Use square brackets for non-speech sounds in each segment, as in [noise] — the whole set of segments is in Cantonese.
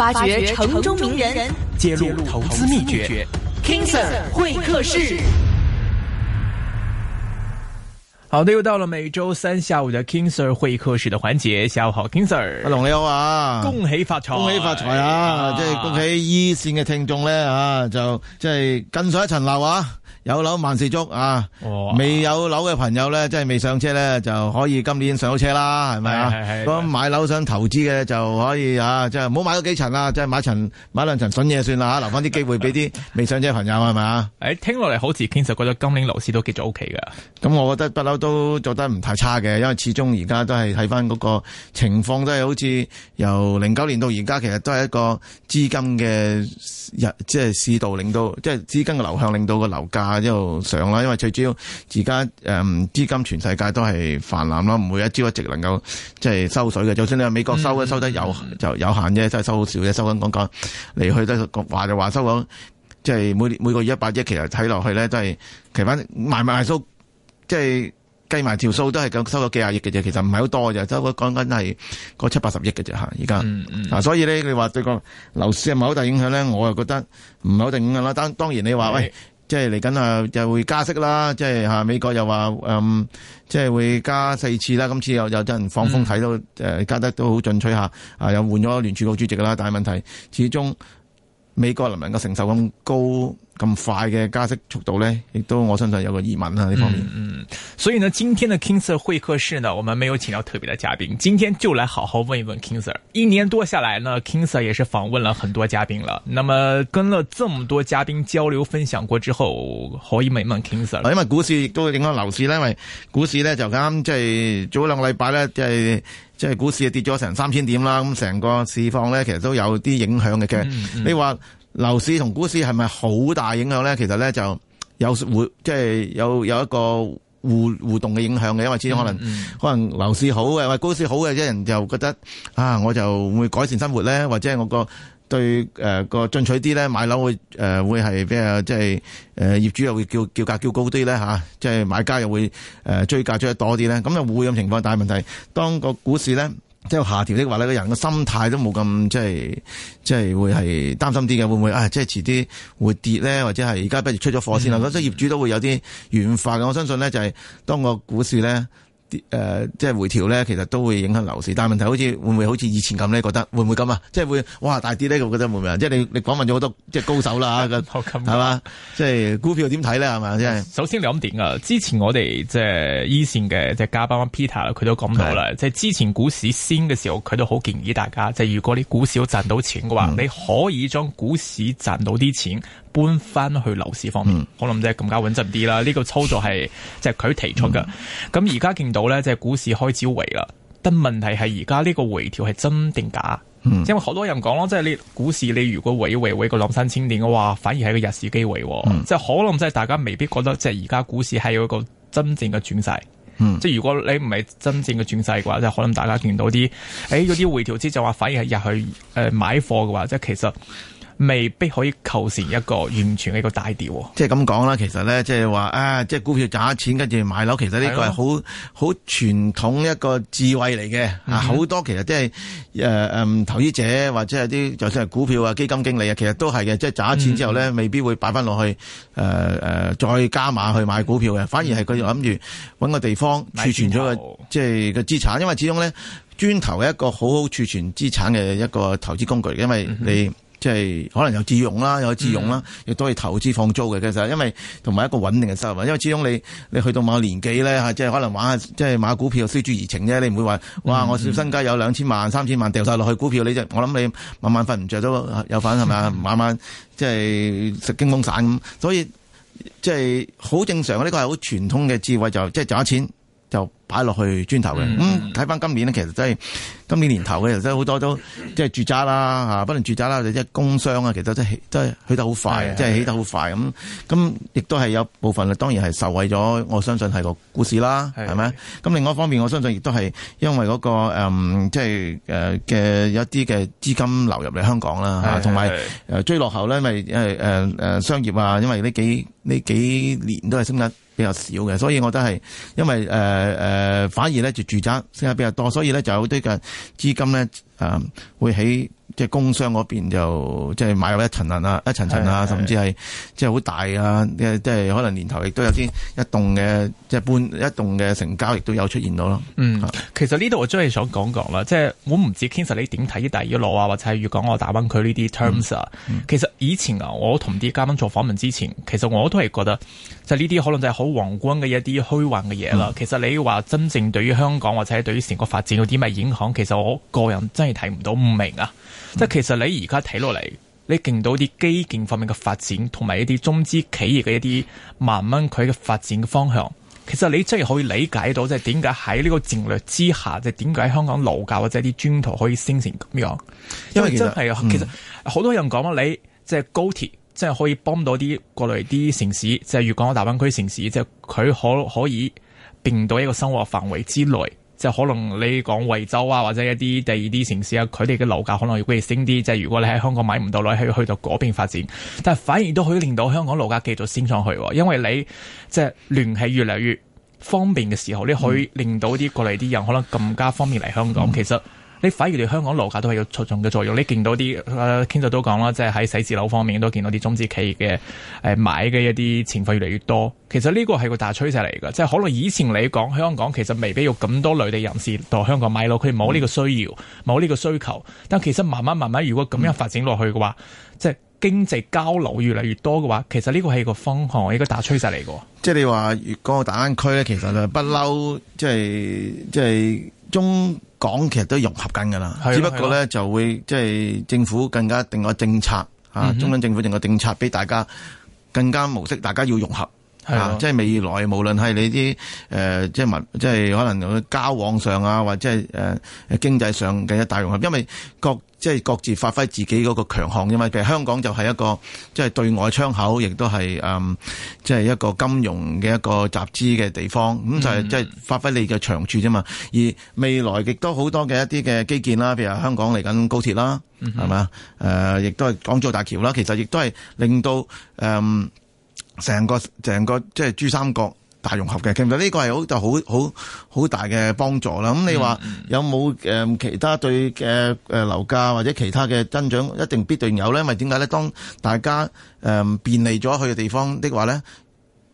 發掘，發掘城中名人，揭露投資秘訣。King Sir 會客室。好的，又到了每周三下午的 King Sir 會客室的環節。下午好，King Sir，阿龍你好啊！恭喜發財，恭喜發財啊！哎、即係恭喜二線嘅聽眾咧啊，就即係更上一層樓啊！有樓萬事足啊！未有樓嘅朋友咧，即係未上車咧，就可以今年上咗車啦，係咪啊？係係，咁買樓想投資嘅就可以啊！即係唔好買多幾層啦、啊，即係買層買兩層筍嘢算啦，吓、啊、留翻啲機會俾啲未上車嘅朋友係咪啊？誒， [laughs] 聽落嚟好似 King Sir 覺得今年樓市都幾咗 OK 噶，咁我覺得不嬲。都做得唔太差嘅，因為始終而家都係睇翻嗰個情況，都係好似由零九年到而家，其實都係一個資金嘅日，即係市道令到，即係資金嘅流向令到個樓價一路上啦。因為最主要而家誒資金全世界都係泛濫啦，唔會一朝一夕能夠即係、就是、收水嘅。就算你話美國收一收得有就有限啫，真、就、係、是、收少啫，收緊講價嚟去都話就話收咗，即係每每個月一百億，其實睇落去咧都係其實賣賣賣收，即、就、係、是。計埋條數都係咁收咗幾廿億嘅啫，其實唔係好多嘅啫，收講緊係個七八十億嘅啫吓，而、嗯、家，啊、嗯，所以呢，你話對個樓市係咪好大影響咧？我又覺得唔好定噶啦。當當然你話喂，即係嚟緊啊，又會加息啦，即係吓美國又話誒、嗯，即係會加四次啦。今次又又有陣放風睇到誒，加得都好進取下，啊，又換咗聯儲局主席啦。但係問題始終，美國能唔能夠承受咁高？咁快嘅加息速度呢，亦都我相信有個疑問啦、啊、呢方面。嗯，嗯所以呢，今天的 King Sir 會客室呢，我們沒有請到特別的嘉賓，今天就來好好問一問 King Sir。一年多下來呢，King Sir 也是訪問了很多嘉賓了。那麼跟了這麼多嘉賓交流分享過之後，可以問一問 King Sir，因為股市亦都影響樓市咧，因為股市呢，就啱即係早兩個禮拜呢，即係即係股市跌咗成三千點啦，咁成個市況呢，其實都有啲影響嘅。嘅、嗯嗯，你話？樓市同股市係咪好大影響咧？其實咧就有互即係有有一個互互動嘅影響嘅，因為之前可能嗯嗯可能樓市好嘅，或者股市好嘅，啲人就覺得啊，我就會，會改善生活咧，或者我個對誒、呃、個進取啲咧，買樓會誒、呃、會係比較即係誒業主又會叫叫價叫高啲咧吓，即、啊、係、就是、買家又會誒、呃、追價追得多啲咧，咁又會咁情況。但係問題當個股市咧。即係下調的話咧，個人嘅心態都冇咁即係，即係會係擔心啲嘅，會唔會啊？即係遲啲會跌咧，或者係而家不如出咗貨先啦。所以業主都會有啲軟化嘅。我相信咧，就係當個股市呢誒、呃，即係回調咧，其實都會影響樓市，但係問題好似會唔會好似以前咁咧？覺得會唔會咁啊？即係會哇大跌咧？我覺得會唔會啊？即係你你訪問咗好多即係高手啦，係 [laughs] 嘛？即係股票點睇咧？係嘛？即係首先你諗點啊？之前我哋即係一線嘅即係嘉賓 Peter，佢都講到啦，即係之前股市先嘅時候，佢都好建議大家，即係如果你股市賺到錢嘅話，嗯、你可以將股市賺到啲錢。搬翻去樓市方面，嗯、可能即係更加穩陣啲啦。呢、呢個操作係即係佢提出嘅。咁而家見到咧，即、就、係、是、股市開始回啦。但問題係而家呢個回調係真定假、嗯？因為好多人講咯，即、就、係、是、你股市你如果回一回個兩三千點嘅話，反而係個入市機會、哦。即、嗯、係、就是、可能即係大家未必覺得，即係而家股市係有一個真正嘅轉勢。即係如果你唔係真正嘅轉勢嘅話，即、就、係、是、可能大家見到啲，誒、哎、啲回調之就話，反而係入去誒、呃、買貨嘅話，即係其實。未必可以構成一個完全嘅一個大調，即係咁講啦。其實咧，即係話啊，即係股票賺咗錢，跟住買樓，其實呢個係好好傳統一個智慧嚟嘅。啊、嗯，好多其實即係誒誒投資者或者係啲就算係股票啊、基金經理啊，其實都係嘅。即係賺咗錢之後咧、嗯，未必會擺翻落去誒誒、呃、再加碼去買股票嘅，反而係佢就諗住揾個地方儲存咗個即係嘅資產，因為始終咧，磚頭係一個好好儲存資產嘅一個投資工具，因為你。嗯即係可能有自用啦，有自用啦，亦都可以投資放租嘅。其實因為同埋一個穩定嘅收入，因為始終你你去到某個年紀咧嚇，即係可能玩即係買股票，消暑怡情啫。你唔會話哇，我小身家有兩千萬、三千萬掉晒落去股票，你就我諗你晚晚瞓唔著都有份係咪啊？晚晚即係食驚風散咁，所以即係好正常呢、呢個係好傳統嘅智慧，就即、係、係賺錢就。擺落去磚頭嘅。咁睇翻今年呢，其實真係今年年頭嘅，其實真係好多都即係住宅啦嚇，不能住宅啦，即係工商啊，其實真係都係起，起得好快，即係起得好快咁。咁亦都係有部分當然係受惠咗，我相信係個股市啦，係咪？咁另外一方面，我相信亦都係因為嗰個誒即係誒嘅一啲嘅資金流入嚟香港啦，同埋誒追落後咧，因為誒誒誒商業啊，因為呢幾呢幾年都係升得比較少嘅，所以我覺得係因為誒誒。呃呃誒，反而咧就住宅成交比較多，所以咧就有好多嘅資金咧誒，會喺。即係工商嗰邊就即係買咗一層層啊，一層層啊，甚至係即係好大啊。即係可能年頭亦都有啲一棟嘅即係半一棟嘅成交，亦都有出現到咯、嗯就是嗯。嗯，其實呢度我真係想講講啦，即係我唔知 King Sir 你點睇一帶一路啊，或者係粵港澳大灣區呢啲 terms 啊。其實以前啊，我同啲嘉賓做訪問之前，其實我都係覺得就呢、是、啲可能就係好宏觀嘅一啲虛幻嘅嘢啦。其實你話真正對於香港或者對於成個發展有啲咩影響，其實我個人真係睇唔到不明，唔明啊。即、嗯、係其實你而家睇落嚟，你勁到啲基建方面嘅發展，同埋一啲中資企業嘅一啲慢慢佢嘅發展嘅方向，其實你真係可以理解到，即係點解喺呢個戰略之下，即係點解香港樓價或者啲磚頭可以升成咁樣，因為，因為真係啊、嗯，其實好多人講啊，你即係高鐵即係可以幫到啲國內啲城市，即係粵港澳大灣區城市，即係佢可可以併到一個生活範圍之內。即係可能你講惠州啊，或者一啲第二啲城市啊，佢哋嘅樓價可能會升啲，即係如果你喺香港買唔到樓，就要去到嗰邊發展，但反而都可以令到香港樓價繼續升上去。因為你即係、就是、聯繫越嚟越方便嘅時候，你可以令到啲過嚟啲人可能更加方便嚟香港。嗯、其實。你反而嚟香港樓價都係有促進嘅作用。你見到啲誒，傾偈都講啦，即係喺寫字樓方面都見到啲中資企業嘅誒買嘅一啲情況越嚟越多。其實呢個係個大趨勢嚟嘅，即係可能以前你講香港其實未必有咁多內地人士到香港買樓，佢冇呢個需要，冇、嗯、呢個需求。但其實慢慢慢慢，如果咁樣發展落去嘅話，嗯、即係經濟交流越嚟越多嘅話，其實呢個係個方向，一個大趨勢嚟嘅。即係你話粵港澳大灣區咧，其實就不嬲、就是，即係即係中港其實都融合緊噶啦，只不過咧、啊、就會即係、就是、政府更加定個政策，啊、嗯，中央政府定個政策俾大家更加模式，大家要融合。啊！即係未來，無論係你啲誒、呃，即係文，即係可能交往上啊，或者係誒、呃、經濟上嘅一大融合，因為各即係各自發揮自己嗰個強項啫嘛。譬如香港就係一個即係對外窗口，亦都係誒即係一個金融嘅一個集資嘅地方。咁就係即係發揮你嘅長處啫嘛。而未來亦都好多嘅一啲嘅基建啦，譬如香港嚟緊高鐵啦，係、嗯、嘛？誒，亦、呃、都係港珠澳大橋啦。其實亦都係令到誒。嗯成個成個即係、就是、珠三角大融合嘅，其實呢個係好就好好好大嘅幫助啦。咁你話有冇誒、呃、其他對嘅誒樓價或者其他嘅增長一定必定有咧？因為點解咧？當大家誒、呃、便利咗去嘅地方的話咧，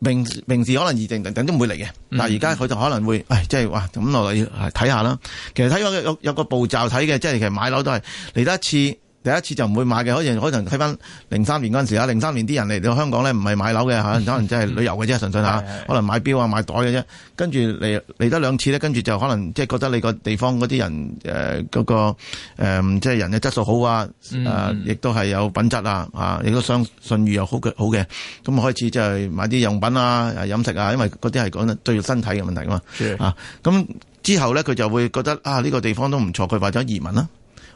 明明時可能二定等等都會嚟嘅。但係而家佢就可能會誒，即係話咁落嚟睇下啦。其實睇有有有個步驟睇嘅，即係其實買樓都係嚟得一次。第一次就唔會買嘅，可能可能睇翻零三年嗰陣時啊，零三年啲人嚟到香港咧，唔係買樓嘅 [laughs] 可能即係旅遊嘅啫，純粹下， [laughs] 可能買表啊、買袋嘅啫。跟住嚟嚟得兩次咧，跟住就可能即係覺得你個地方嗰啲人誒嗰、呃嗰個即係、呃呃、人嘅質素好啊、呃，亦都係有品質啊，啊，亦都相信譽又好嘅好嘅，咁開始即係買啲用品啊、飲食啊，因為嗰啲係講對身體嘅問題嘛，啊，咁之後咧佢就會覺得啊，呢、呢個地方都唔錯，佢為咗移民啦。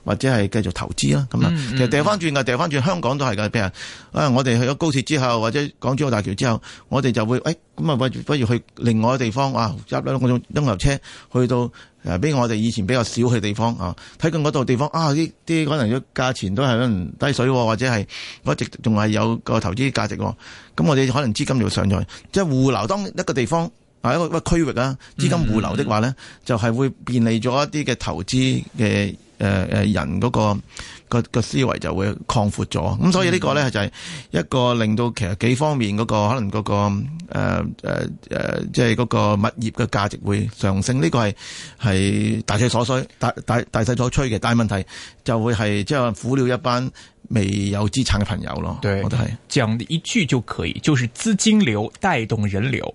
或者係繼續投資啦，咁啊，其實掉翻轉噶，掉翻轉，香港都係噶，譬如啊，我哋去咗高鐵之後，或者港珠澳大橋之後，我哋就會誒，咁、哎、啊，不如不如去另外嘅地方啊，入兩個鐘頭車去到誒，俾我哋以前比較少去地方啊，睇見嗰度地方啊，呢啲可能嘅價錢都係可能低水，或者係一直仲係有個投資價值，咁我哋可能資金就會上咗，即係互流，當一個地方啊一個區域啊，資金互流的話咧、嗯，就係、是、會便利咗一啲嘅投資嘅。誒、呃、誒、呃，人嗰、那個個、那個思維就會擴闊咗，咁、嗯、所以個呢個咧就係、是、一個令到其實幾方面嗰、那個可能嗰、那個誒誒誒，即係嗰個物業嘅價值會上升，呢、這個係係大勢所趨大大大勢所趨嘅，但係問題就會係即係苦了一班未有資產嘅朋友咯。對，我都係講一句就可以，就是資金流帶動人流。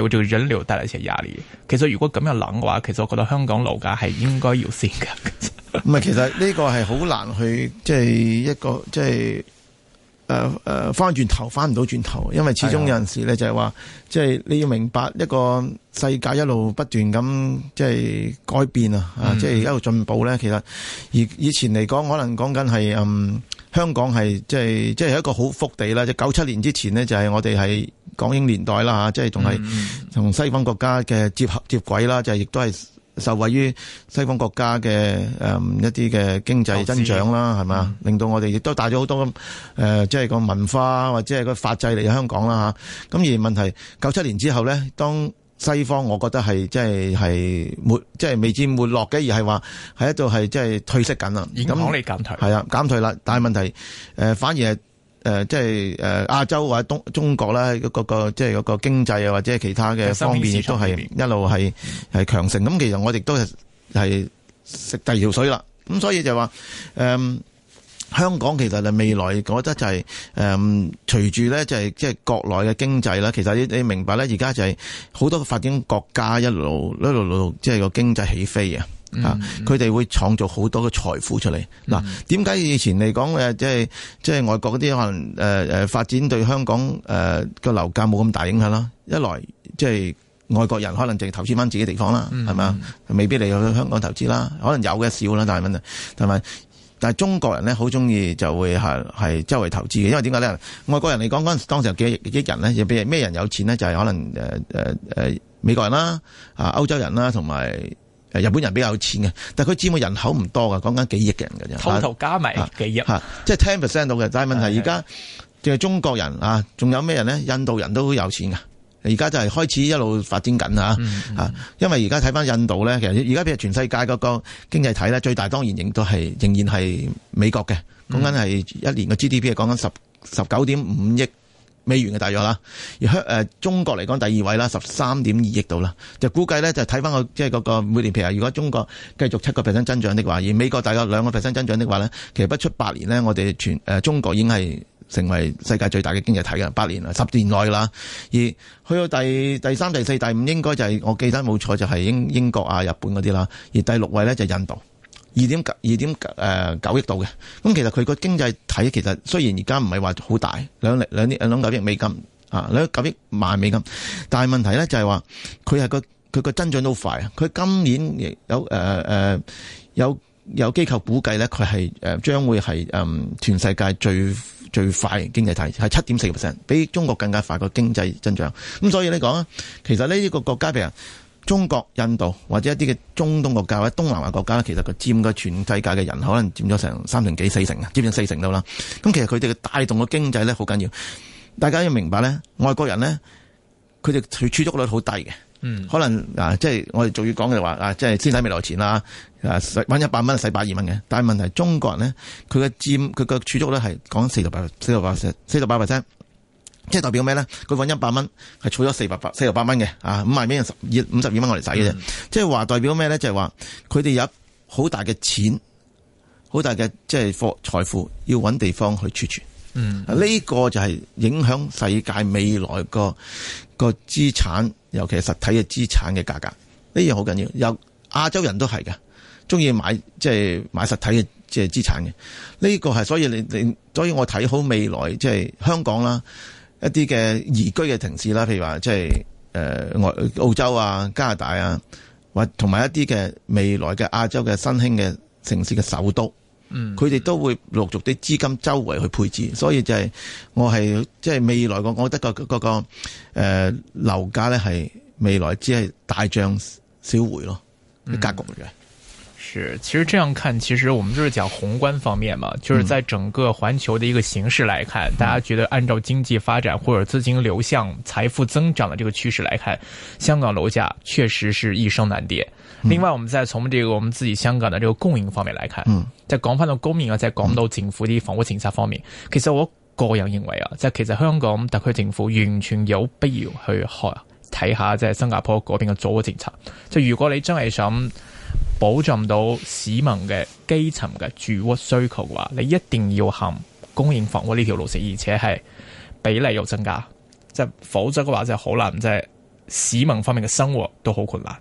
叫做引流帶嚟似廿年。其實如果咁樣諗嘅話，其實我覺得香港樓價係應該要升噶。唔係，其實呢個係好難去，即係一個，即係誒誒，翻轉頭翻唔到轉頭。因為始終有陣時咧，是啊、就係話，即係你要明白一個世界一路不斷咁，即係改變啊，啊，即係一路進步咧。其實以前嚟講，可能講緊係嗯香港係即係即係一個好福地啦。即九七年之前呢，就係我哋係。港英年代啦嚇，即係仲係同西方國家嘅接合接軌啦，就係亦都係受惠於西方國家嘅誒一啲嘅經濟增長啦，係嘛？令到我哋亦都帶咗好多誒，即係個文化或者係個法制嚟香港啦嚇。咁而問題九七年之後咧，當西方我覺得係即係係沒即係未至沒落嘅，而係話喺一度係即係退息緊啦。而講你減退，係啊，減退啦，但係問題誒反而係，誒、呃，即係誒，亞、呃、洲或者東中國啦，個即係個經濟啊，或者其他嘅方面也是是，亦都係一路係係強盛。咁、嗯、其實我哋都係係食第二條水啦。咁所以就話，誒、嗯，香港其實未來，我覺得就係、是、誒，隨住咧就係即係國內嘅經濟啦。其實你你明白咧，而家就係好多發展國家一路一路一路即係、就是、個經濟起飛啊。啊、嗯！佢哋會創造好多嘅財富出嚟。嗱、嗯，點解以前嚟講誒，即係即係外國嗰啲可能誒誒發展對香港誒個樓價冇咁大影響啦？一來即係、就是、外國人可能淨係投資翻自己地方啦，係、嗯、嘛？未必你去香港投資啦、嗯，可能有嘅少啦，但係乜但係中國人咧好中意就會係係周圍投資嘅，因為點解咧？外國人嚟講嗰陣當時幾億人咧，又比如咩人有錢咧？就係、是、可能誒誒誒美國人啦，啊、呃、歐洲人啦，同埋。日本人比較有錢嘅，但係佢佔嘅人口唔多噶，講緊幾億嘅人嘅啫，偷偷加埋幾億，即係 ten percent 到嘅。啊就是、 [laughs] 但係問題而家淨係中國人啊，仲有咩人咧？印度人都好有錢噶，而家就係開始一路發展緊啊啊！因為而家睇返印度咧，其實而家譬如全世界個經濟體咧，最大當然仍都係仍然係美國嘅，講緊係一年嘅 G D P 係講緊十十九點五億。美元嘅大約啦，而香誒中國嚟講第二位啦，十三點二億度啦，就估計咧就睇返個即係嗰個每年。譬如話，如果中國繼續七個 percent 增長的話，而美國大概兩個 percent 增長的話咧，其實不出八年咧，我哋全誒中國已經係成為世界最大嘅經濟體嘅八年啦，十年內啦。而去到第3，第三、第四、第五，應該就係、是、我記得冇錯就係、是、英英國啊、日本嗰啲啦。而第六位咧就係印度。二點九二點誒九、呃、九億度嘅，咁其實佢個經濟體其實雖然而家唔係話好大，兩零兩兩九億美金啊，兩九億萬美金，但係問題咧就係話佢係個佢個增長都好快啊！佢今年有誒誒、呃呃、有有機構估計咧，佢係誒將會係誒、嗯、全世界最最快經濟體，係七點四個 percent，比中國更加快個經濟增長。咁、嗯、所以你講啊，其實呢個國家病。中國、印度或者一啲嘅中東國家或者東南亞國家，其實佢佔咗全世界嘅人口，可能佔咗成三成幾、四成啊，佔咗四成到啦。咁其實佢哋嘅帶動嘅經濟咧好緊要，大家要明白咧，外國人咧佢哋儲蓄率好低嘅，嗯，可能啊，即係我哋仲要講嘅話啊，即係先使未來錢啦，啊，揾、就是啊就是啊、一百蚊使百二蚊嘅。但係問題是中國人咧，佢嘅佔佢嘅儲蓄率係講四十八，四十八，四十八 percent。即係代表咩咧？佢搵一百蚊，係儲咗四百八四十八蚊嘅啊，五萬蚊十二五十二蚊我嚟使嘅啫。即係話代表咩咧？就係話佢哋有好大嘅錢，好大嘅即係貨財富，要搵地方去儲存。嗯、呢、啊這個就係影響世界未來個個資產，尤其係實體嘅資產嘅價格。呢樣好緊要，有亞洲人都係嘅，中意買即係、就是、買實體嘅即係資產嘅。呢、這個係所以你所以我睇好未來即係、就是、香港啦。一啲嘅宜居嘅城市啦，譬如話即係誒澳澳洲啊、加拿大啊，或同埋一啲嘅未來嘅亞洲嘅新興嘅城市嘅首都，嗯，佢、嗯、哋都會陸續啲資金周圍去配置，所以就係、是、我係即係未來個，我覺得、嗰個、嗰個誒樓價咧係未來只係大漲小回咯，格局嘅。嗯是，其實這樣看，其實我們就是講宏觀方面嘛，就是在整個環球的一個形勢來看，嗯、大家覺得按照經濟發展或者資金流向、財富增長的這個趨勢來看，香港樓價確實是一升難跌。嗯、另外，我們再從這個我們自己香港的這個供應方面來看，嗯，再講返到公民啊，再講到政府啲房屋政策方面，其實我個人認為啊，在其實香港特區政府完全有必要去學睇下，在新加坡嗰邊嘅房屋政策。就如果你真係想保障到市民嘅基層嘅住屋需求嘅話，你一定要行供應房屋呢條路線，而且係比例又增加，即係否則嘅話就係好難，即係市民方面嘅生活都好困難。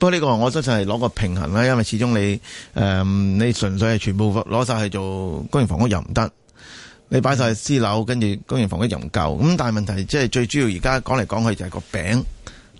不過呢個我都想係攞個平衡啦，因為始終你誒、呃、你純粹係全部攞晒去做供應房屋又唔得，你擺晒私樓跟住供應房屋又唔夠，咁但係問題即係最主要而家講嚟講去就係個餅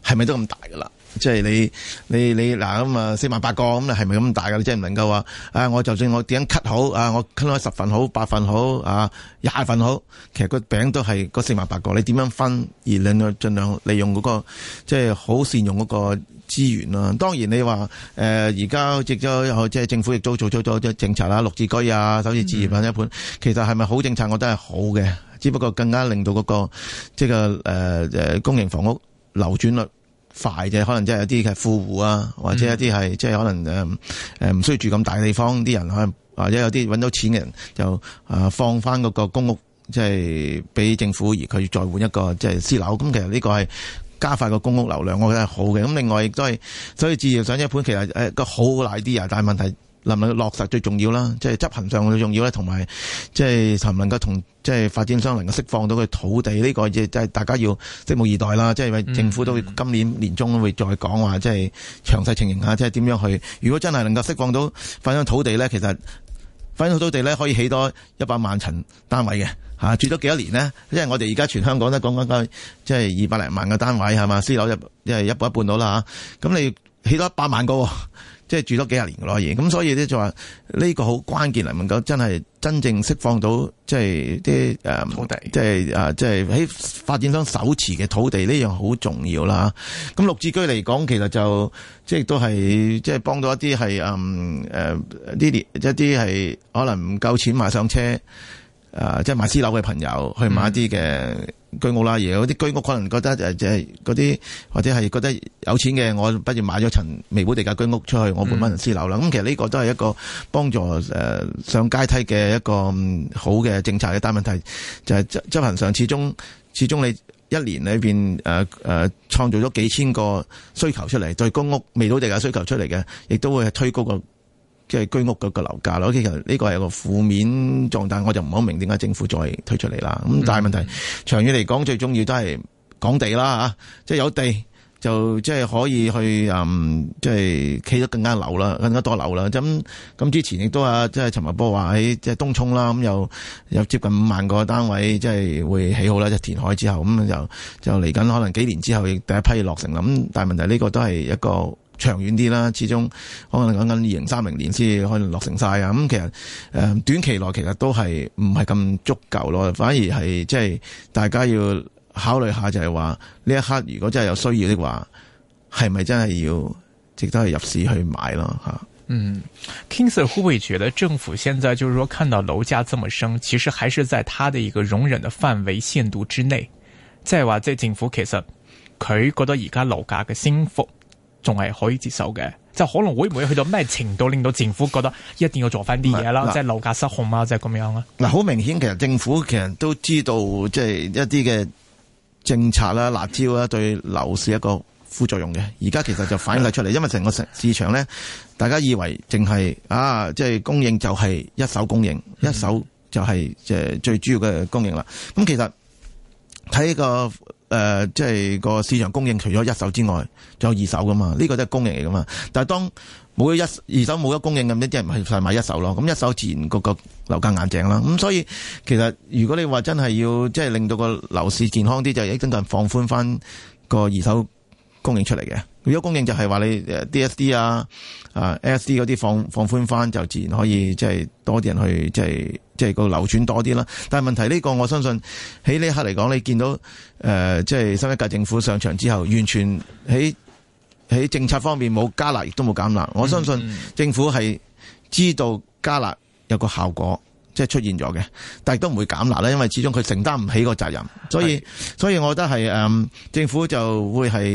係咪都咁大㗎喇？.即、就、係、是、你你你嗱咁啊四萬八個咁你係咪咁大㗎？你真係唔能夠話啊！我就算我點樣 cut 好啊，我 cut 開十份好、八份好啊、廿份好，其實個餅都係四萬八個。你點樣分而令到盡量利用嗰、那個即係好善用嗰個資源啦、啊。當然你話誒而家直咗即係政府亦都做咗咗政策啦，綠置居啊，首次置業房一盤，嗯、其實係咪好政策我都係好嘅，只不過更加令到嗰、那個即係誒誒公營房屋流轉率。快啫、嗯，可能即係有啲係富戶啊，或者一啲係即係可能誒唔需要住咁大地方啲人，可能或者有啲搵到錢嘅人就誒放翻嗰個公屋，即係俾政府而佢再換一個即係、就是、私樓。咁其實呢個係加快個公屋流量，我覺得係好嘅。咁另外亦都係，所以置業上一盤其實誒個好難啲啊，但係問題。能唔能夠落實最重要啦，即係執行上最重要咧，同埋即係能唔能夠同即係發展商能夠釋放到佢土地呢個嘢，即係大家要拭目以待啦。即係政府都會今年年中都會再講話，即係詳細情形下，即係點樣去？如果真係能夠釋放到發展土地咧，其實發展土地咧可以起多一百萬層單位嘅吓，住咗幾多年呢？因為我哋而家全香港都講緊即係二百零萬嘅單位係嘛，私樓一即係一半一半到啦吓，咁你起多一百萬個？即係住多幾十年嘅咯，嘢，咁所以咧就話呢個好關鍵嚟，能夠真係真正釋放到即係啲誒土地，即係誒，即係喺發展商手持嘅土地呢樣好重要啦。咁綠置居嚟講，其實就即係都係即係幫到一啲係誒啲一啲係可能唔夠錢買上車。誒、呃，即係買私樓嘅朋友去買啲嘅居屋啦、嗯，而有啲居屋可能覺得誒，即係嗰啲或者係覺得有錢嘅，我不如買咗層未補地價居屋出去，我換翻層私樓啦。咁、嗯、其實呢個都係一個幫助誒上階梯嘅一個好嘅政策嘅，大問問題就係執執行上始終，始終始終你一年裏邊誒誒創造咗幾千個需求出嚟，對公屋未補地價需求出嚟嘅，亦都會係推高個。即係居屋嗰個樓價咯，其實呢個係個負面狀態，我就唔好明點解政府再推出嚟啦。咁但係問題，嗯、長遠嚟講，最重要都係講地啦，吓、啊，即、就、係、是、有地就即係可以去，即係起得更加樓啦，更加多樓啦。咁咁之前亦都啊，即係陳茂波話喺即係東涌啦，咁有有接近五萬個單位即係、就是、會起好啦，即、就是、填海之後咁就就嚟緊，可能幾年之後第一批落成啦。咁但係問題呢、這個都係一個。長遠啲啦，始終可能講緊二零三零年先可能落成晒啊。咁其實誒，短期內其實都係唔係咁足夠咯，反而係即係大家要考慮下就，就係話呢一刻如果真係有需要的話，係咪真係要值得去入市去買咯？吓，嗯，King Sir，會唔會覺得政府現在就係說看到樓價這麼升，其實還是在他的一個容忍嘅範圍限度之內，即係話即係政府其實佢覺得而家樓價嘅升幅。仲係可以接受嘅，就可能會唔會去到咩程度，令到政府覺得一定要做翻啲嘢啦，即係樓價失控、就係、啊，即係咁樣啦嗱，好明顯，其實政府其實都知道，即係一啲嘅政策啦、辣招啦，對樓市一個副作用嘅。而家其實就反映曬出嚟，因為成個市場咧，大家以為淨係啊，即、就、係、係、供應就係一手供應，嗯、一手就係即係最主要嘅供應啦。咁其實睇個。誒、呃，即係個市場供應除咗一手之外，仲有二手㗎嘛？呢、這個都係供應嚟㗎嘛。但係當冇咗一二手冇咗供應咁，啲人係買一手咯。咁一手自然個個樓價硬淨啦。咁所以其實如果你話真係要即係令到個樓市健康啲，就一陣間放寬翻個二手。供應出嚟嘅。如果供應就係話你誒 D S D 啊啊 S D 嗰啲放放寬翻，就自然可以即係多啲人去即係即係個流轉多啲啦。但係問題呢個，我相信喺呢刻嚟講，你見到誒即係新一屆政府上場之後，完全喺喺政策方面冇加辣亦都冇減辣。我相信政府係知道加辣有個效果。即係出現咗嘅，但係都唔會減辣喇，因為始終佢承擔唔起個責任，所以所以我覺得係、嗯、政府就會係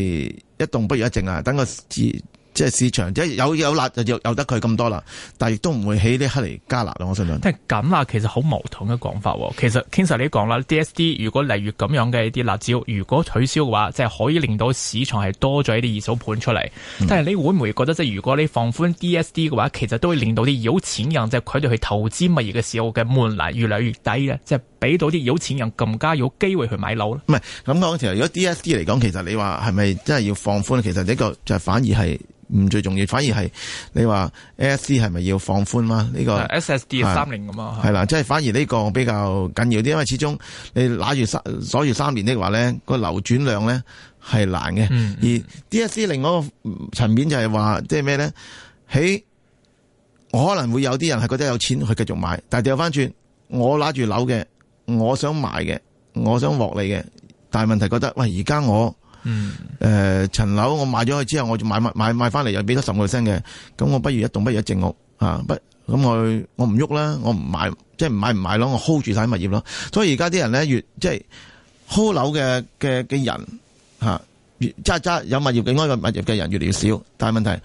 一動不如一靜啊，等個自即係市場，即係有有辣，有有得佢咁多啦。但係亦都唔會起啲黑泥加辣啦，我相信。即係咁啊，其實好矛盾嘅講法喎。其實 King Sir 你講啦，D S D 如果例如咁樣嘅一啲辣招，如果取消嘅話，即係可以令到市場係多咗一啲二手盤出嚟、嗯。但係你會唔會覺得即係如果你放寬 D S D 嘅話，其實都會令到啲有錢人即係佢哋去投資物業嘅時候嘅門檻越嚟越低咧？即係俾到啲有錢人更加有機會去買樓。唔係咁講，其實如果 D S D 嚟講，其實你話係咪真係要放寬？其實呢個就反而係唔最重要，反而係你話 A S D 係咪要放寬啦？呢、這個 S S D 三年咁嘛？係啦，即、啊、係反而呢個比較緊要啲，因為始終你攞住三鎖住三年的話咧，個流轉量咧係難嘅。嗯、嗯而 D S D 另外一個層面就係話，即係咩咧？喺我可能會有啲人係覺得有錢去繼續買，但掉翻轉我攞住樓嘅。我想賣嘅，我想獲利嘅，但係問題覺得喂，而家我誒層樓我買咗佢之後，我就買買買翻嚟又俾咗十個 percent 嘅，咁我不如一動不如一靜屋吓不咁我我唔喐啦，我唔買即係唔買唔買咯，我 hold 住晒物業咯。所以而家啲人咧越即係、就是、hold 樓嘅嘅嘅人吓越揸揸有物業嘅開嘅物業嘅人越嚟越少，但係問題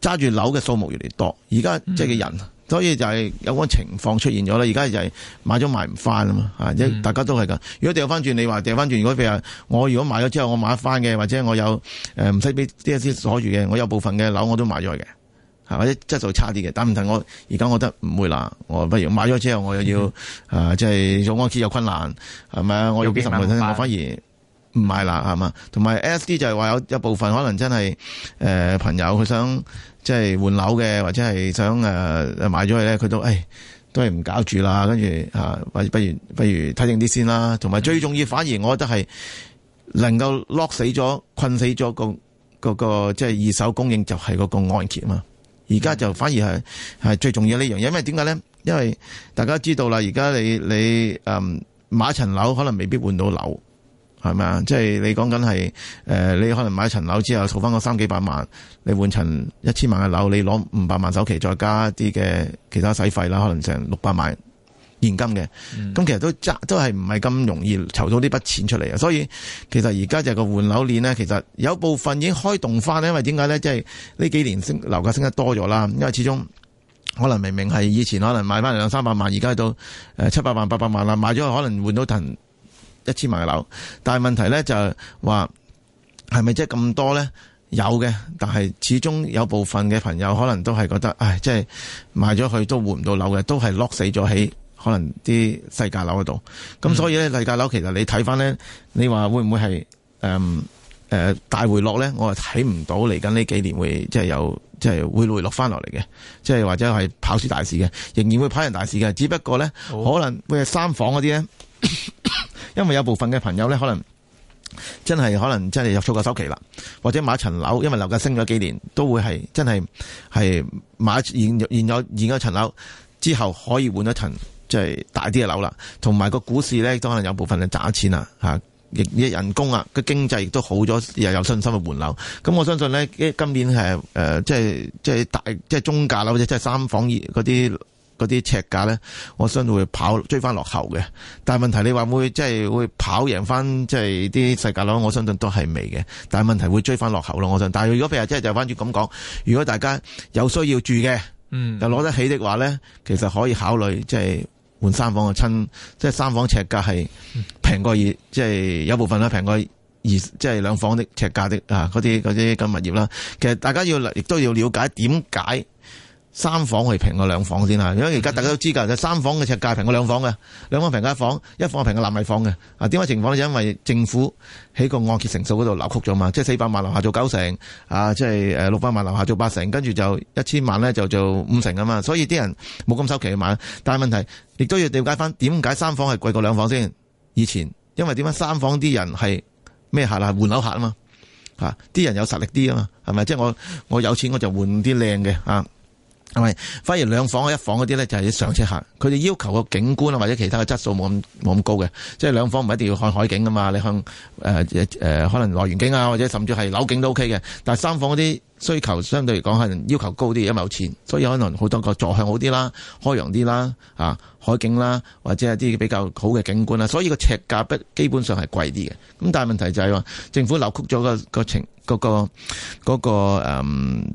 揸住樓嘅數目越嚟越多，而家即係嘅人。嗯所以就係有個情況出現咗啦，而家就係買咗賣唔翻啊嘛，啊、嗯，大家都係咁。如果掉翻轉，你話掉翻轉，如果譬如話我如果買咗之後，我買翻嘅，或者我有誒唔使俾 d s 先鎖住嘅，我有部分嘅樓我都賣咗去嘅，係或者質素差啲嘅，但唔係我而家，我覺得唔會啦。我不如買咗之後、嗯，我又要啊，即、呃、係、就是、做按揭有困難，係咪啊？我要幾十萬，我反而唔買啦，係嘛？同埋 S D 就係話有一部分可能真係誒、呃、朋友佢想。即係換樓嘅，或者係想誒、啊、買咗佢咧，佢都誒、哎、都係唔搞住啦。跟住吓，或、啊、不如不如睇定啲先啦。同埋最重要，反而我覺得係能夠 lock 死咗困死咗、嗰個、嗰個即係、就係、二手供應，就係嗰個按揭嘛。而家就反而係係最重要呢樣嘢，因為點解咧？因為大家都知道啦，而家你你誒、嗯、買一層樓，可能未必換到樓。係咪啊？即係你講緊係誒，你可能買一層樓之後，儲翻個三幾百萬，你換層一千萬嘅樓，你攞五百萬首期，再加啲嘅其他使費啦，可能成六百萬現金嘅。咁、嗯、其實都都係唔係咁容易籌到呢筆錢出嚟啊！所以其實而家就係個換樓鏈呢，其實有部分已經開動翻呢，因為點解咧？即係呢幾年升樓價升得多咗啦。因為始終可能明明係以前可能買翻兩三百萬，而家到誒七百萬、八百萬啦，買咗可能換到騰。一千萬嘅樓，但係問題咧就話係咪即係咁多咧？有嘅，但係始終有部分嘅朋友可能都係覺得，唉，即係買咗去都換唔到樓嘅，都係 lock 死咗喺可能啲細價樓嗰度。咁、嗯、所以咧，細價樓其實你睇翻咧，你話會唔會係誒誒大回落咧？我係睇唔到嚟緊呢幾年會即係有即係會回落翻落嚟嘅，即係或者係跑輸大市嘅，仍然會跑贏大市嘅。只不過咧，可能會係三房嗰啲咧。 [coughs] 因為有部分嘅朋友咧，可能真係可能真係入錯個首期啦，或者買一層樓，因為樓價升咗幾年，都會係真係係買現現有現有一層樓之後，可以換了一層即係、就是、大啲嘅樓啦。同埋個股市咧，都可能有部分嘅賺錢啦，吓、啊、亦人工啊，個經濟亦都好咗，又有信心去換樓。咁我相信咧，今年誒誒，即係即係大即係、就是、中價樓，或者即係三房二嗰啲。嗰啲尺價咧，我相信會跑追翻落後嘅。但係問題你話會即係會跑贏翻，即係啲世界咯，我相信都係未嘅。但係問題會追翻落後咯，我想。但係如果譬如即係就翻住咁講，如果大家有需要住嘅，嗯，又攞得起的話咧，其實可以考慮即係換三房嘅親，即係三房尺價係平過二，即係、嗯、有部分啦，平過二，即係兩房的尺價的啊，嗰啲嗰啲咁物業啦。其實大家要亦都要了解點解？三房係平過兩房先啊！因為而家大家都知噶，就三房嘅尺價平過兩房嘅，兩房平過一房，一房平過納米房嘅。啊，點解情況咧？因為政府喺個按揭成數嗰度扭曲咗嘛，即係四百萬樓下做九成，啊，即係誒六百萬樓下做八成，跟住就一千萬咧就做五成啊嘛。所以啲人冇咁首期去買。但係問題亦都要了解翻，點解三房係貴過兩房先？以前因為點解三房啲人係咩客啦？換樓客啊嘛，吓，啲人有實力啲啊嘛，係咪？即係我我有錢我就換啲靚嘅啊！係咪？反而兩房一房嗰啲咧就係上車客，佢哋要求個景觀啊或者其他嘅質素冇咁冇咁高嘅，即係兩房唔一定要看海景噶嘛，你向誒誒可能內園景啊，或者甚至係樓景都 O K 嘅。但係三房嗰啲需求相對嚟講可能要求高啲，因為有錢，所以可能好多個坐向好啲啦，開揚啲啦，啊海景啦，或者一啲比較好嘅景觀啦，所以個尺價不基本上係貴啲嘅。咁但係問題就係、是、話，政府扭曲咗個個情嗰個嗰個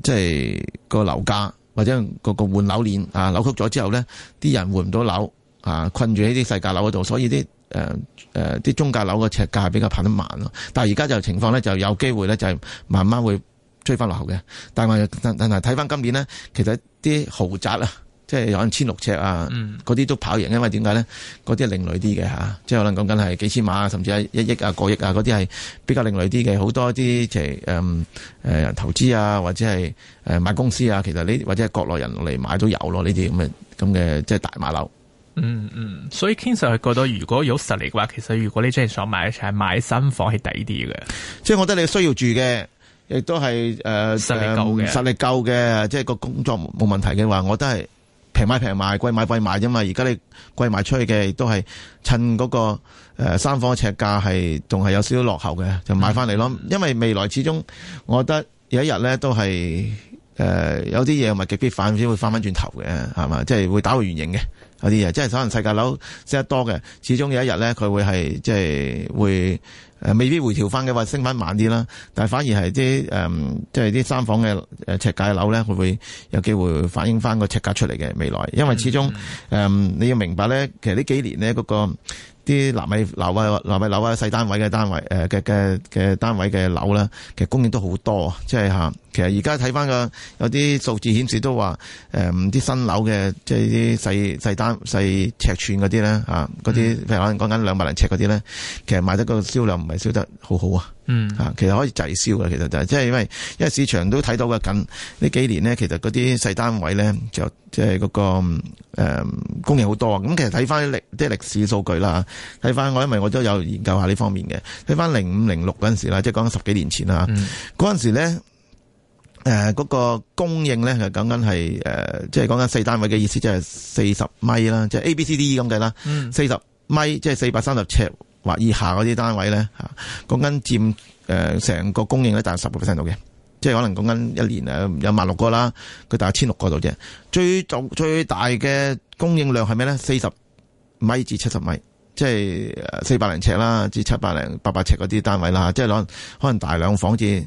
誒，即係個樓價。或者個個換樓鏈啊，扭曲咗之後咧，啲人換唔到樓啊，困住喺啲細價樓嗰度，所以啲誒誒啲中價樓個尺價係比較爬得慢咯。但係而家就情況咧，就有機會咧，就係慢慢會追翻落後嘅。但係但係睇翻今年咧，其實啲豪宅咧。即係可能千六尺啊，嗰啲都跑贏，因為點解咧？嗰啲係另類啲嘅吓，即係可能講緊係幾千萬，甚至係一億啊、過億啊嗰啲係比較另類啲嘅。好多啲即係誒誒投資啊，或者係誒買公司啊，其實呢或者係國內人嚟買都有咯。呢啲咁嘅咁嘅即係大馬樓。嗯嗯，所以 King Sir 覺得如果有實力嘅話，其實如果你真係想買一，係買新房係抵啲嘅。即係我覺得你需要住嘅，亦都係誒實力夠嘅，實力夠嘅、嗯，即係個工作冇問題嘅話，我都係。平買平賣，貴買貴買啫嘛！而家你貴賣出去嘅都係趁嗰、那個、呃、三房尺價係仲係有少少落後嘅，就買翻嚟咯。因為未來始終，我覺得有一日咧都係誒、呃、有啲嘢物極必反先會翻翻轉頭嘅，係嘛？即係會打回原形嘅有啲嘢，即係可能世界樓升得多嘅，始終有一日咧佢會係即係會。誒未必回調翻嘅話，升翻慢啲啦。但係反而係啲誒，即係啲三房嘅誒呎價樓咧，會唔會有機會反映翻個呎價出嚟嘅未來，嗯。因為始終，嗯、你要明白咧，其實呢幾年咧，那、嗰個。啲納米樓啊，納米樓啊，細單位嘅單位，誒嘅嘅嘅單位嘅樓咧，其實供應都好多，即係吓。其實而家睇翻個有啲數字顯示都話，誒唔啲新樓嘅，即係啲細細單細尺寸嗰啲咧，吓嗰啲譬如可能講緊兩百零尺嗰啲咧，其實賣得個銷量唔係銷得好好啊。嗯吓、啊，其實可以滯銷嘅，其實就係即係因為因為市場都睇到嘅，近呢幾年呢，其實嗰啲細單位咧就即係嗰個誒、嗯、供應好多啊。咁其實睇翻歷即係歷史數據啦，睇翻我因為我都有研究下呢方面嘅，睇翻零五零六嗰陣時啦，即係講緊十幾年前啦，嗰、嗯、陣時咧，誒嗰個供應咧就講緊係誒即係講緊細單位嘅意思，即係四十米啦，即、就、係、是、A B C D E 咁計啦，四、嗯、十米即係四百三十尺。或以下嗰啲單位咧嚇，講緊佔誒成、呃、個供應咧，大概十個 percent 度嘅，即係可能講緊一年誒有萬六個啦，佢大概千六個度啫。最最大嘅供應量係咩咧？四十米至七十米，即係四百零尺啦，至七百零八百尺嗰啲單位啦，即係可能可能大兩房至誒、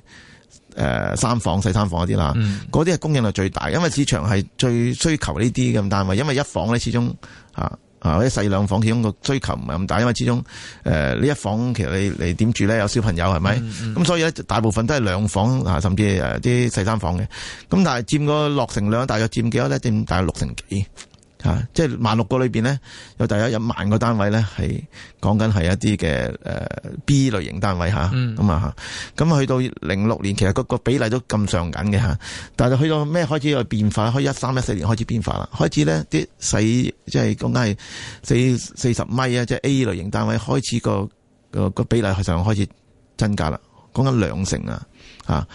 呃、三房、細三房嗰啲啦，嗰啲係供應量最大，因為市場係最需求呢啲咁單位，因為一房咧始終、呃啊！啲細兩房始終個需求唔係咁大，因為始終誒呢一房其實你你點住咧有小朋友係咪？咁、嗯嗯、所以咧大部分都係兩房啊，甚至誒啲細三房嘅。咁但係佔個落成量，大約佔幾多咧？佔大約六成幾。吓，即係萬六個裏邊咧，大家有大約一萬個單位咧，係講緊係一啲嘅誒 B 類型單位吓，咁啊吓，咁啊去到零六年，其實個比例都咁上緊嘅吓，但係去到咩開始有變化？開一三一四年開始變化啦，開始咧啲細即係講緊係四四十米啊，即係 A 類型單位開始個個個比例上開始增加啦，講緊兩成啊，吓，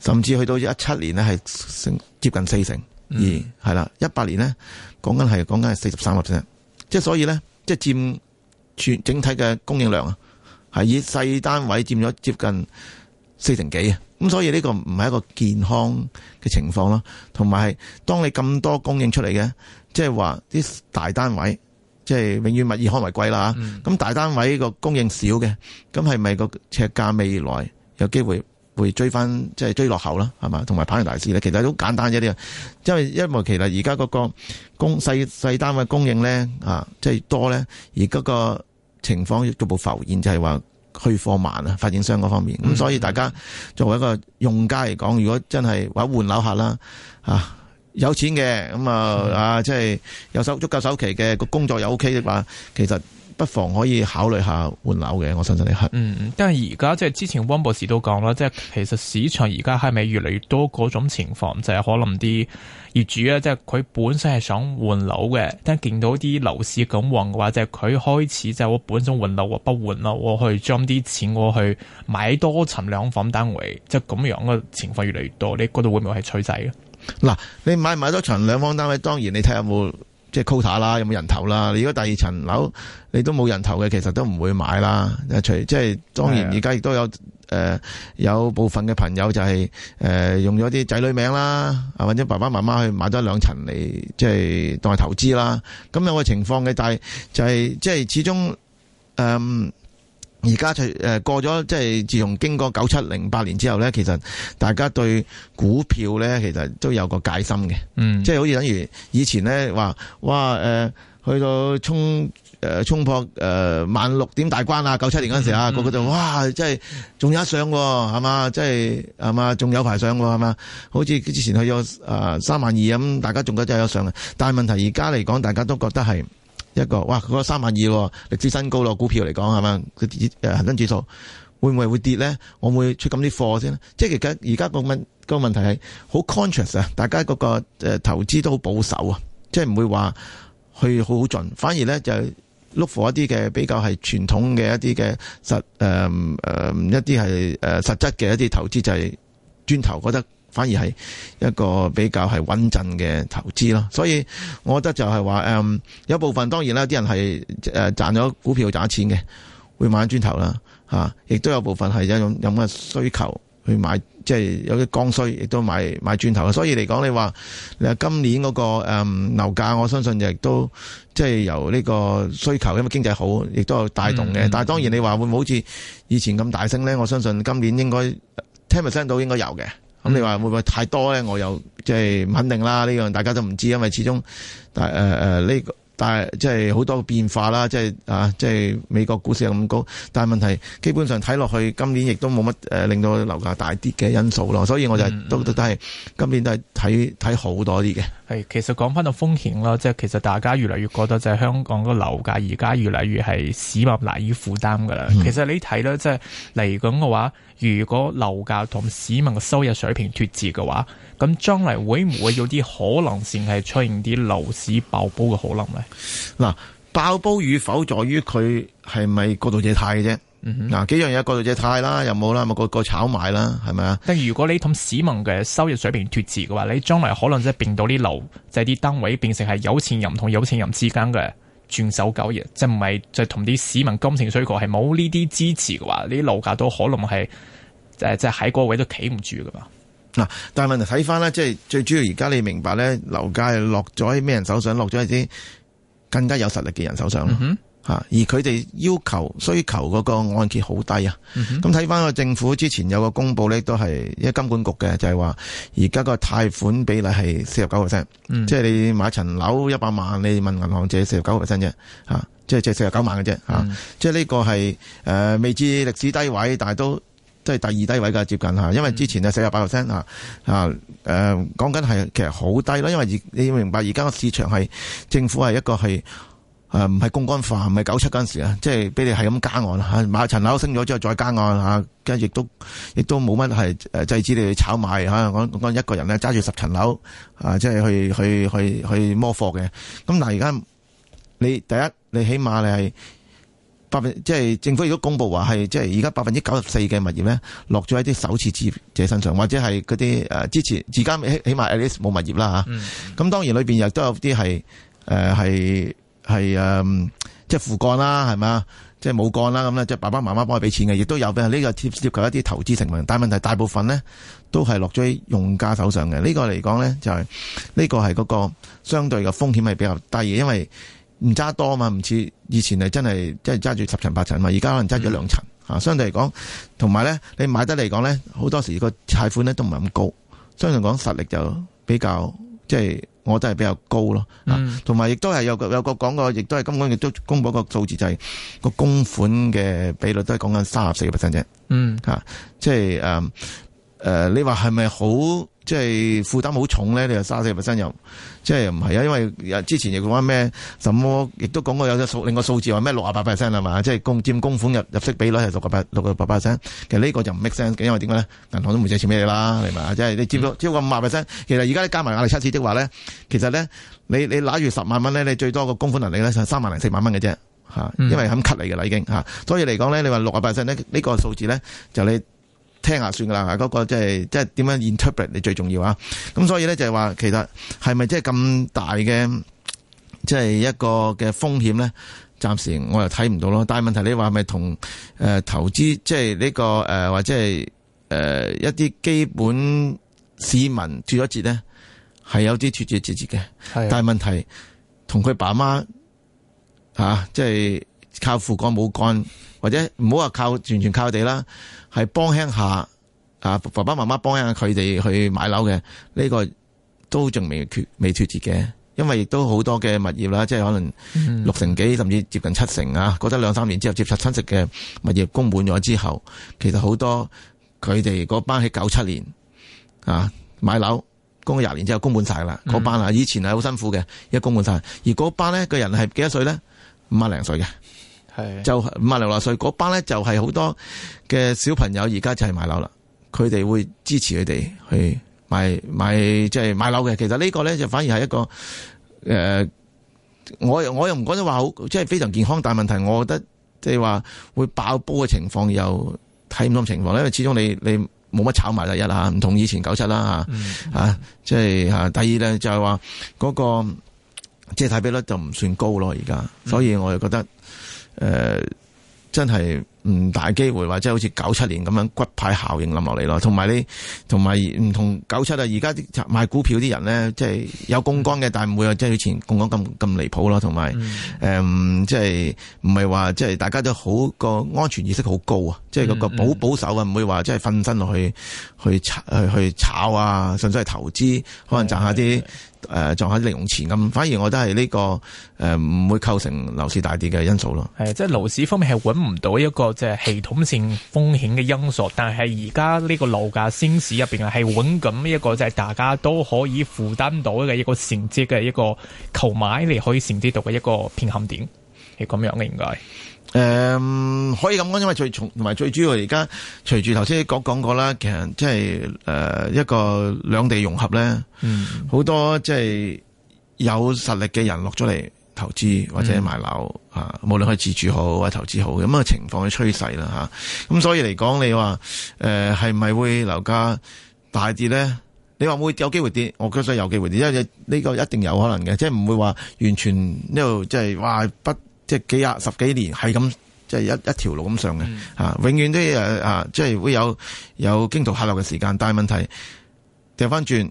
甚至去到一七年咧係成接近四成。而係啦，一八年咧講緊係講緊係四十三個 percent 啫，即係所以咧，即係佔全整，整體嘅供應量啊，係以細單位佔咗接近四成幾啊，咁所以呢個唔係一個健康嘅情況囉，同埋係當你咁多供應出嚟嘅，即係話啲大單位，即係永遠物以罕為貴啦吓，咁、嗯、大單位個供應少嘅，咁係咪個尺價未來有機會？會追翻即係追落後啦，係嘛，同埋跑贏大市咧。其實都簡單一啲啊，因為因為其實而家嗰個供細細單位供應咧啊，即係多咧，而嗰個情況逐步浮現，就係話去貨慢啊，發展商嗰方面。咁所以大家作為一個用家嚟講，如果真係或者換樓客啦啊，有錢嘅咁啊啊，即係有手足夠首期嘅，個工作又 O K 嘅話，其實。不妨可以考慮下換樓嘅，我相信你肯。嗯，但係而家即係之前溫博士都講啦，即係其實市場而家係咪越嚟越多嗰種情況，就係、是、可能啲業主啊，即係佢本身係想換樓嘅，但係見到啲樓市咁旺嘅話，即係佢開始就係我本身換樓或不換咯，我去將啲錢我去買多層兩房單位，即係咁樣嘅情況越嚟越多，你覺得會唔會係趨勢啊？嗱，你買埋多層兩房單位，當然你睇下有冇。即係 quota 啦，有冇人頭啦？你如果第二層樓你都冇人頭嘅，其實都唔會買啦。除即係當然現在也有，而家亦都有誒有部分嘅朋友就係、是、誒、呃、用咗啲仔女名啦，或者爸爸媽媽去買多一兩層嚟，即係當係投資啦。咁有個情況嘅，但係就係、是、即係始終誒。嗯而家就誒過咗，即係自從經過九七零八年之後咧，其實大家對股票咧，其實都有個戒心嘅。嗯，即係好似等於以前咧話，哇誒、呃，去到衝誒、呃、衝破誒、呃、萬六點大關啊！九七年嗰陣時啊，嗯、個個就哇，即係仲有上喎，係嘛？即係係嘛？仲有排上喎，係嘛？好似之前去咗誒、呃、三萬二咁，大家仲覺得有上嘅。但係問題而家嚟講，大家都覺得係。一個哇，嗰個三萬二喎，歷史新高咯，股票嚟講係嘛？佢誒恆生指數會唔會會跌咧？我會出咁啲貨先咧。即係而家而家個問個問題係好 conscious 啊！很大家嗰個誒投資都好保守啊，即係唔會話去好好進，反而咧就 look for 一啲嘅比較係傳統嘅一啲嘅實誒誒、呃呃、一啲係誒實質嘅一啲投資就係、是、磚頭覺得。反而係一個比較係穩陣嘅投資咯，所以我覺得就係話誒有部分當然啦，啲人係誒賺咗股票賺錢嘅會買磚頭啦嚇，亦、啊、都有部分係有種咁嘅需求去買，即係有啲剛需，亦都買買磚頭。所以嚟講，你話你話今年嗰、那個誒樓、嗯、價，我相信亦都即係、就是、由呢個需求，因為經濟好，亦都有帶動嘅。嗯嗯但係當然你話會唔會好似以前咁大升咧？我相信今年應該 ten percent 到應該有嘅。咁你話會唔會太多咧？我又即係唔肯定啦。呢樣大家都唔知，因為始終誒誒誒呢個，但、呃、係、呃、即係好多變化啦，即係啊，即係美國股市咁高，但係問題基本上睇落去今年亦都冇乜誒令到樓價大跌嘅因素咯。所以我就係嗯、都都都係今年都係睇睇好多啲嘅。係其實講翻到風險咯，即係其實大家越嚟越覺得就係香港個樓價而家越嚟越係市民難以負擔噶啦。其實你睇咧，即係嚟講嘅話。如果樓價同市民嘅收入水平脫節嘅話，咁將來會唔會有啲可能性係出現啲樓市爆煲嘅可能咧？嗱，爆煲與否在於佢係咪過度借貸嘅啫。嗯哼，嗱，幾樣嘢過度借貸啦，又冇啦，咪個個炒賣啦，係咪啊？但如果你同市民嘅收入水平脫節嘅話，你將來可能真係變到啲樓，就係、是、啲單位變成係有錢人同有錢人之間嘅。轉手交易，即係唔係，就係同啲市民金情衰過，係冇呢啲支持嘅話，呢啲樓價都可能係，誒、即係啊，即係喺嗰位都企唔住噶嘛。嗱，但係問題睇翻咧，即係最主要而家你明白咧，樓價係落咗喺咩人手上，落咗喺啲更加有實力嘅人手上。嗯哼。啊！而佢哋要求需求嗰個按揭好低啊！咁睇翻個政府之前有個公布咧，都係一金管局嘅，就係話而家個貸款比例係四十九 percent，即係你買層樓一百萬，你問銀行借四十九 percent 啫，即係借四十九萬嘅啫，即係呢個係誒未知歷史低位，但係都即係第二低位噶，接近吓、啊，因為之前係啊四十八 percent 吓誒，講緊係其實好低咯，因為而你要明白而家個市場係政府係一個係。誒，唔係公干化，唔係九七嗰陣時啊，即係俾你係咁加案吓，買層樓升咗之後再加案吓，跟住亦都亦都冇乜係誒制止你去炒賣吓，我一個人咧揸住十層樓啊，即係去去去去摸貨嘅。咁但係而家你第一，你起碼你係百分，即係政府如果公布話係，即係而家百分之九十四嘅物業咧，落咗喺啲首次置業者身上，或者係嗰啲誒之前自家起碼，at least 冇物業啦吓。咁、嗯、當然裏邊亦都有啲係誒係。係誒、嗯，即係副槓啦，係咪？即係冇槓啦，咁咧，即係爸爸媽媽幫佢俾錢嘅，亦都有俾。呢、這個貼涉及一啲投資成分，但係問題大部分咧都係落咗喺用家手上嘅。這個、呢、就是這個嚟講咧就係呢個係嗰個相對嘅風險係比較低，因為唔揸多嘛，唔似以前係真係即係揸住十層八層嘛，而家可能揸咗兩層啊。相對嚟講，同埋咧，你買得嚟講咧，好多時個貸款咧都唔係咁高，相對嚟講實力就比較即係。我都係比較高咯，啊，嗯，同埋亦都係有個，有個講過，亦都係今個月都公布一個數字，就係、是、個供款嘅比率都係講緊三十四個 percent 啫，嗯、啊，吓，即係誒。Um 誒、呃，你話係咪好即係負擔好重咧？你話卅四 percent 又即係唔係啊？因為之前亦講咩，什麼亦都講過有隻數，另一個數字話咩六十八 percent 啊嘛，即係公佔公款入入息比率係六十八六十八 percent。其實呢個就唔 make sense 嘅，因為點解咧？銀行都唔借錢俾你啦，你明嘛？即係你接到超過五十 percent，其實而家加埋壓力測試，的話咧，其實咧你你拿住十萬蚊咧，你最多個供款能力咧就三萬零四萬蚊嘅啫，吓、嗯，因為肯 cut 嚟嘅啦已經吓。所以嚟講咧，你話六十八 percent 咧呢、這個數字咧就你。聽下算㗎喇，嗰、那個即係即係點樣 interpret 你最重要啊！咁所以咧就係、是、話，其實係咪即係咁大嘅即係一個嘅風險咧？暫時我又睇唔到咯。但係問題你話咪同誒投資即係呢個誒、呃、或者係誒、呃、一啲基本市民脫咗節咧，係有啲脫節脫節嘅。係但係問題同佢爸媽吓，即、啊、係、就是、靠父幹冇干，或者唔好話靠完全靠地啦。係幫輕下啊，爸爸媽媽幫輕下佢哋去買樓嘅呢個都仲未脱未脫節嘅，因為亦都好多嘅物業啦，即係可能六成幾甚至接近七成啊，覺得兩三年之後接觸親戚嘅物業供滿咗之後，其實好多佢哋嗰班喺九七年啊買樓供咗廿年之後供滿晒啦，嗰班啊以前係好辛苦嘅，而供滿晒，而嗰班咧個人係幾多歲咧？五啊零歲嘅。就五啊六六歲嗰班咧，就係好多嘅小朋友，而家就係買樓啦。佢哋會支持佢哋去買買即係買樓嘅、就是。其實個呢個咧就反而係一個誒、呃，我我又唔覺得話好，即、就、係、是、非常健康。但問題，我覺得即係話會爆煲嘅情況又睇唔到情況，因為始終你你冇乜炒埋第一啊，唔同以前九七啦吓啊，即係吓第二咧就係話嗰個即係借貸比率就唔算高咯，而家，所以我又覺得。誒、呃，真係唔大機會，話即係好似九七年咁樣骨牌效應冧落嚟咯。同埋你，同埋唔同九七啊，而家啲賣股票啲人咧，即係有槓桿嘅，嗯、但係唔會有即係以前槓桿咁咁離譜咯。同埋誒，即係唔係話即係大家都好個安全意識好高啊，嗯、即係嗰個保保守啊，唔、嗯、會話即係瞓身落去去炒去炒啊，甚至係投資，可能賺下啲。嗯嗯嗯誒、呃，撞喺零用錢咁，反而我覺得係呢個誒，唔、呃、會構成樓市大跌嘅因素咯。係，即係樓市方面係搵唔到一個即係系統性風險嘅因素，但係而家呢個樓價先市入邊啊，係穩緊一個即係大家都可以負擔到嘅一個承接嘅一個購買，你可以承接到嘅一個平衡點，係咁樣嘅應該。誒、嗯，可以咁講，因為最同同埋最主要而家隨住頭先講講過啦，其實即係誒一個兩地融合咧，好、嗯、多即係有實力嘅人落咗嚟投資或者買樓啊，無論可以自住好或者投資好，咁嘅情況嘅趨勢啦吓，咁、啊、所以嚟講，你話誒係咪會樓價大跌咧？你話會有機會跌？我覺得有機會跌，因為呢個一定有可能嘅，即係唔會話完全呢度即係哇不。即係幾廿十幾年係咁，即係一一條路咁上嘅，永遠都誒啊，即係會有有驚濤駭浪嘅時間。但係問題掉翻轉，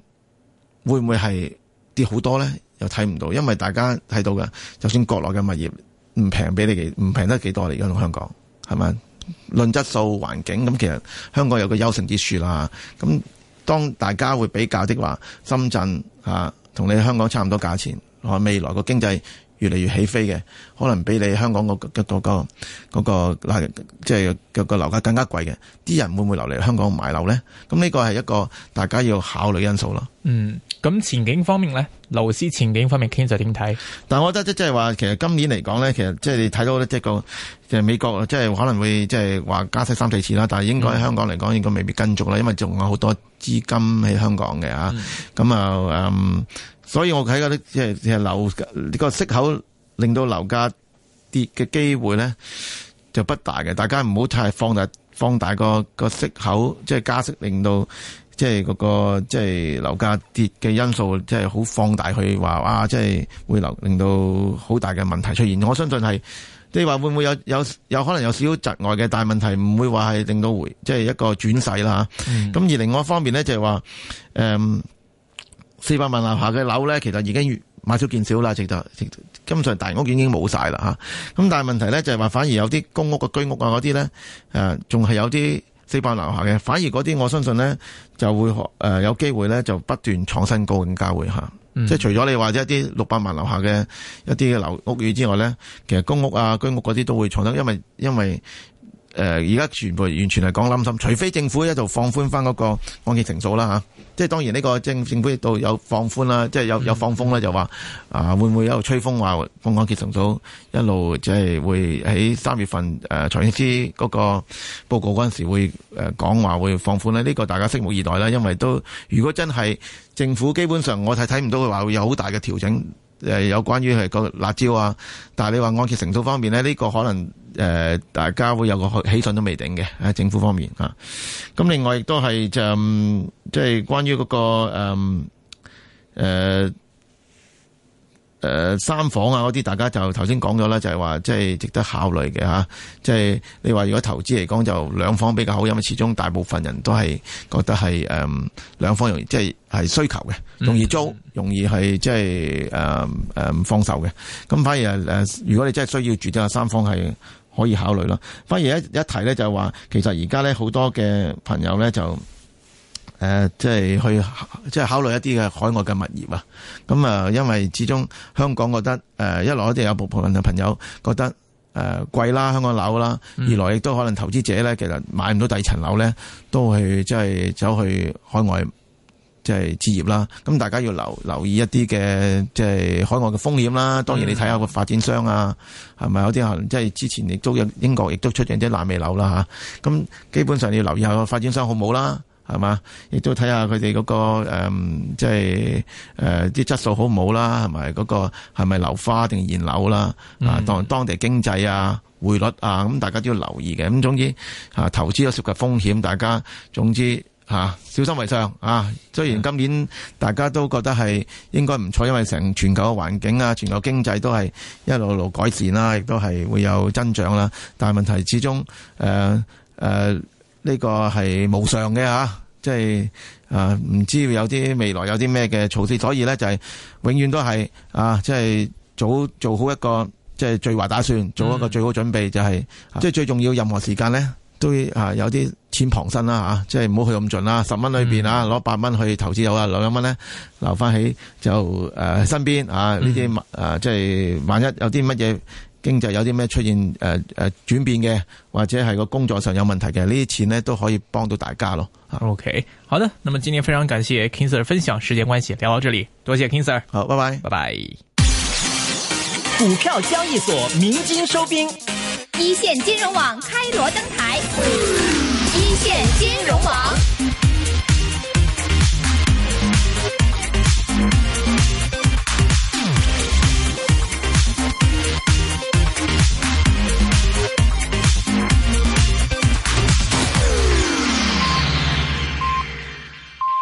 會唔會係跌好多咧？又睇唔到，因為大家睇到嘅，就算國內嘅物業唔平俾你哋，唔平得幾多嚟到香港係咪？論質素、環境，咁其實香港有個優勝之處啦。咁當大家會比較的話，深圳同你香港差唔多價錢，未來個經濟。越嚟越起飛嘅，可能比你香港、那個、那個、那個即係、那個樓價、那個就是那個、更加貴嘅，啲人會唔會留嚟香港買樓咧？咁呢個係一個大家要考慮因素咯。嗯，咁前景方面咧，樓市前景方面 King 就點睇？但係我覺得即即係話，其實今年嚟講咧，其實即係你睇到好多個，即係美國即係可能會即係話加息三四次啦。但係應該喺香港嚟講，應該未必跟足啦，因為仲有好多資金喺香港嘅啊。咁、嗯、啊，嗯。所以我睇嗰啲即係其實樓呢個息口令到樓價跌嘅機會咧就不大嘅，大家唔好太放大放大個個息口，即係加息令到即係嗰個即係樓價跌嘅因素，即係好放大去話啊，即係會令到好大嘅問題出現。我相信係即係話會唔會有有有可能有少少窒礙嘅大問題，唔會話係令到回即係、就是、一個轉勢啦吓。咁、嗯、而另外一方面咧就係話誒。嗯四百萬樓下嘅樓咧，其實已經越買少見少啦，直頭，基本上大屋已經冇晒啦嚇。咁但係問題咧就係話、呃，反而有啲公屋嘅居屋啊嗰啲咧，誒仲係有啲四百萬樓下嘅，反而嗰啲我相信咧就會誒、呃、有機會咧就不斷創新高咁交匯嚇。即、嗯、係除咗你話一啲六百萬樓下嘅一啲樓屋宇之外咧，其實公屋啊居屋嗰啲都會創新，因為因為。誒而家全部完全係講冧心，除非政府一度放寬翻嗰個按揭成數啦、吓、即係當然呢個政政府都有放寬啦，即係有有放風啦，就話啊會唔會一路吹風話放按揭成數一路即係會喺三月份誒、啊、財政司嗰個報告嗰陣時會、啊、講話會放寬呢。呢、啊呢個大家拭目以待啦，因為都如果真係政府基本上我睇睇唔到佢話會有好大嘅調整。誒有關於係個辣椒啊，但係你話按揭成數方面咧，呢、這個可能誒、呃、大家會有個喜訊都未定嘅喺政府方面咁，啊、另外亦都係就即、是、係關於嗰、那個誒。嗯呃誒，三房啊，嗰啲大家就頭先講咗啦，就係話即係值得考慮嘅吓，即係你話如果投資嚟講就兩房比較好，因為始終大部分人都係覺得係誒嗯兩房容易，即係係需求嘅，容易租，容易係即係誒誒放手嘅。咁反而誒，如果你真係需要住就三房係可以考慮啦。反而一一提咧就係話，其實而家咧好多嘅朋友咧就。誒，即係去即係考慮一啲嘅海外嘅物業啊。咁啊，因為始終香港覺得誒，一來一定有部分嘅朋友覺得誒貴啦，香港樓啦；二來亦都可能投資者咧，其實買唔到第二層樓咧，都係即係走去海外即係置業啦。咁大家要留留意一啲嘅即係海外嘅風險啦。當然你睇下個發展商啊，係、嗯、咪有啲可能即係之前亦都有英國亦都出現啲爛尾樓啦吓。咁基本上你要留意下個發展商好唔好啦。係嘛，亦都睇下佢哋嗰個、嗯、即係誒啲質素好唔好啦，係咪嗰個係咪樓花定現樓啦？啊，當地經濟啊、匯率啊，咁、啊、大家都要留意嘅。咁總之、啊，投資有涉及風險，大家總之、啊、小心為上啊。雖然今年大家都覺得係應該唔錯，因為成全球嘅環境啊、全球經濟都係一路路改善啦，亦都係會有增長啦。但係問題始終誒誒。呃呃呢個係無常嘅嚇，即係誒唔知有啲未來有啲咩嘅措施，所以咧就係永遠都係啊，即係做做好一個即係最壞打算，做一個最好準備，嗯、就係即係最重要。任何時間咧都啊有啲錢旁身啦嚇，即係唔好去咁盡啦。十蚊裏邊啊，攞八蚊去投資好啊，兩蚊咧留翻喺就誒身邊啊。呢啲誒即係萬一有啲乜嘢。經濟有啲咩出現，誒誒、呃呃、轉變嘅，或者係個工作上有問題嘅，呢啲錢咧都可以幫到大家咯。OK，好的，那麼今天非常感謝 King Sir 分享，時間關係聊到這裡，多謝 King Sir，好，拜拜，拜拜。股票交易所鳴金收兵，一線金融網開鑼登台，一線金融網。